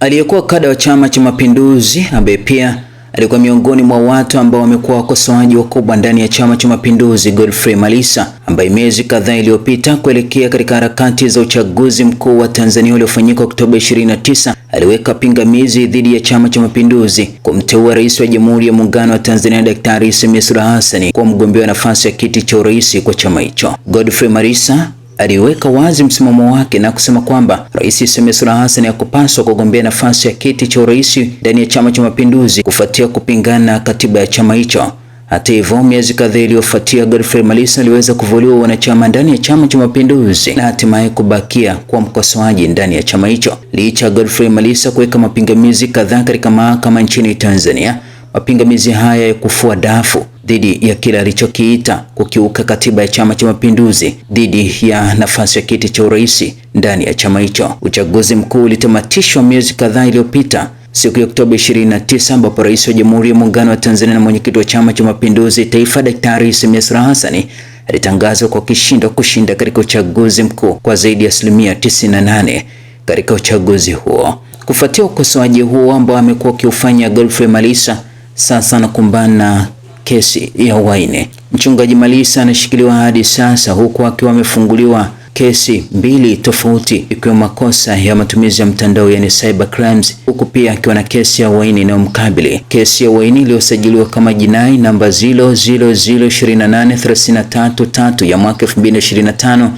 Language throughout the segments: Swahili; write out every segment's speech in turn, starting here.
Aliyekuwa kada wa Chama cha Mapinduzi ambaye pia alikuwa miongoni mwa watu ambao wamekuwa wakosoaji wakubwa ndani ya Chama cha Mapinduzi, Godfrey Malisa ambaye miezi kadhaa iliyopita kuelekea katika harakati za uchaguzi mkuu wa Tanzania uliofanyika Oktoba 29 aliweka pingamizi dhidi ya Chama cha Mapinduzi kumteua Rais wa Jamhuri ya Muungano wa Tanzania Daktari Samia Suluhu Hassan kuwa mgombea wa nafasi ya kiti cha urais kwa chama hicho. Godfrey Malisa aliweka wazi msimamo wake na kusema kwamba Rais Samia Suluhu Hassan hakupaswa kugombea nafasi ya kiti cha urais ndani ya Chama cha Mapinduzi kufuatia kupingana katiba ya chama hicho. Hata hivyo, miezi kadhaa iliyofuatia, Godfrey Malisa aliweza kuvuliwa wanachama ndani ya Chama cha Mapinduzi na hatimaye kubakia kwa mkosoaji ndani ya chama hicho, licha ya Godfrey Malisa kuweka mapingamizi kadhaa katika mahakama nchini Tanzania mapingamizi haya ya kufua dafu dhidi ya kile alichokiita kukiuka katiba ya Chama cha Mapinduzi dhidi ya nafasi ya kiti cha urais ndani ya chama hicho. Uchaguzi mkuu ulitamatishwa miezi kadhaa iliyopita siku ya Oktoba 29 ambapo Rais wa Jamhuri ya Muungano wa Tanzania na mwenyekiti wa Chama cha Mapinduzi Taifa Daktari Samia Suluhu Hassan alitangazwa kwa kishindo kushinda katika uchaguzi mkuu kwa zaidi ya asilimia 98 katika uchaguzi huo. Kufuatia ukosoaji huo ambao amekuwa akiufanya Godfrey Malisa sasa anakumbana kesi ya uhaini. Mchungaji Malisa anashikiliwa hadi sasa huku akiwa amefunguliwa kesi mbili tofauti ikiwa makosa ya matumizi ya mtandao yani cyber crimes, huku pia akiwa na kesi ya uhaini inayomkabili. Kesi ya uhaini iliyosajiliwa kama jinai namba 000028333 ya mwaka 2025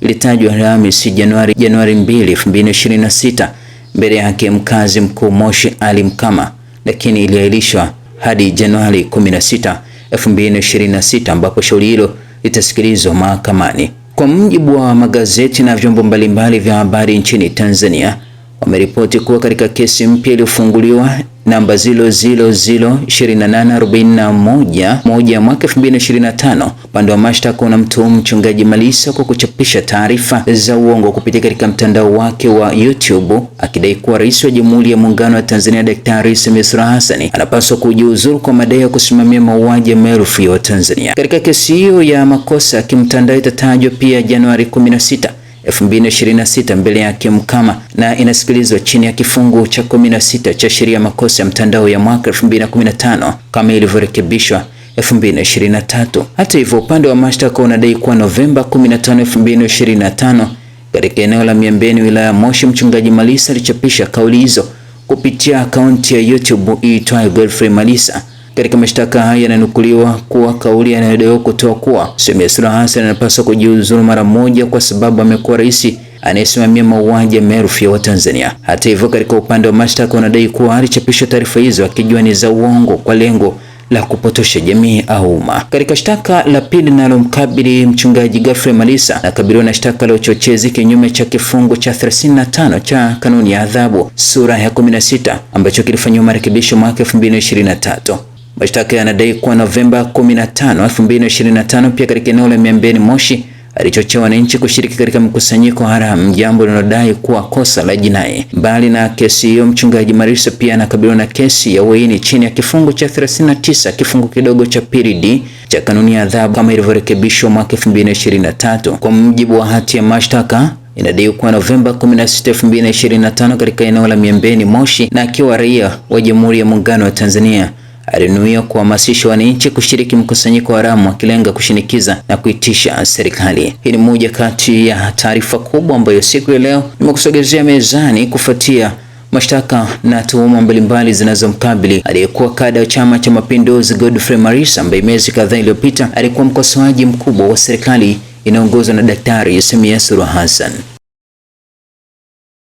ilitajwa Alhamisi Januari Januari 2, 2026 mbele ya hakimu mkazi mkuu Moshi Ali Mkama, lakini iliahirishwa hadi Januari 16, 2026 ambapo shauri hilo litasikilizwa mahakamani. Kwa mujibu wa magazeti na vyombo mbalimbali vya habari nchini Tanzania, wameripoti kuwa katika kesi mpya iliyofunguliwa namba 0002841 mwaka 2025, upande wa mashtaka unamtuhumu mchungaji Malisa kwa kuchapisha taarifa za uongo kupitia katika mtandao wake wa YouTube akidai kuwa rais wa Jamhuri ya Muungano wa Tanzania Daktari Samia Suluhu Hassan anapaswa kujiuzuru kwa madai ya kusimamia mauaji ya maelfu ya Watanzania. Katika kesi hiyo ya makosa kimtandao itatajwa pia Januari 16 2026 mbele ya hakimu Kama na inasikilizwa chini ya kifungu cha 16 cha sheria ya makosa ya mtandao ya mwaka 2015 kama ilivyorekebishwa 2023. Hata hivyo, upande wa mashtaka unadai kuwa Novemba 15, 2025 katika eneo la Miembeni wilaya ya Moshi, mchungaji Malisa alichapisha kauli hizo kupitia akaunti ya YouTube iitwayo Godfrey Malisa katika mashtaka haya yananukuliwa kuwa kauli yanayodaiwa kutoa kuwa Samia Suluhu Hassan anapaswa kujiuzuru mara moja kwa sababu amekuwa rais anayesimamia mauaji ya maelfu ya Watanzania. Hata hivyo, katika upande wa mashtaka wanadai kuwa alichapisha taarifa hizo akijua ni za uongo kwa lengo la kupotosha jamii au umma. Katika shtaka la pili linalomkabili mchungaji Godfrey Malisa anakabiliwa na shtaka la uchochezi kinyume cha kifungu cha 35 cha kanuni ya adhabu sura ya 16 ambacho kilifanyiwa marekebisho mwaka 2023. Mashtaka yanadai kuwa Novemba 15, 2025 pia katika eneo la Miambeni Moshi alichochea wananchi kushiriki katika mkusanyiko haramu, jambo linalodai kuwa kosa la jinai. Mbali na kesi hiyo, mchungaji Marisa pia anakabiliwa na kesi ya uhaini chini ya kifungu cha 39 kifungu kidogo cha pili d cha kanuni ya adhabu kama ilivyorekebishwa mwaka 2023. Kwa mujibu wa hati ya mashtaka inadaiwa kuwa Novemba 16, 2025 katika eneo la Miembeni Moshi, na akiwa raia wa Jamhuri ya Muungano wa Tanzania alinuia kuhamasisha wananchi kushiriki mkusanyiko haramu akilenga kushinikiza na kuitisha serikali. Hii ni moja kati ya taarifa kubwa ambayo siku ya leo nimekusogezea mezani kufuatia mashtaka na tuhuma mbalimbali zinazomkabili aliyekuwa kada wa Chama cha Mapinduzi Godfrey Marisa ambaye miezi kadhaa iliyopita alikuwa mkosoaji mkubwa wa serikali inayoongozwa na Daktari Samia Suluhu Hassan.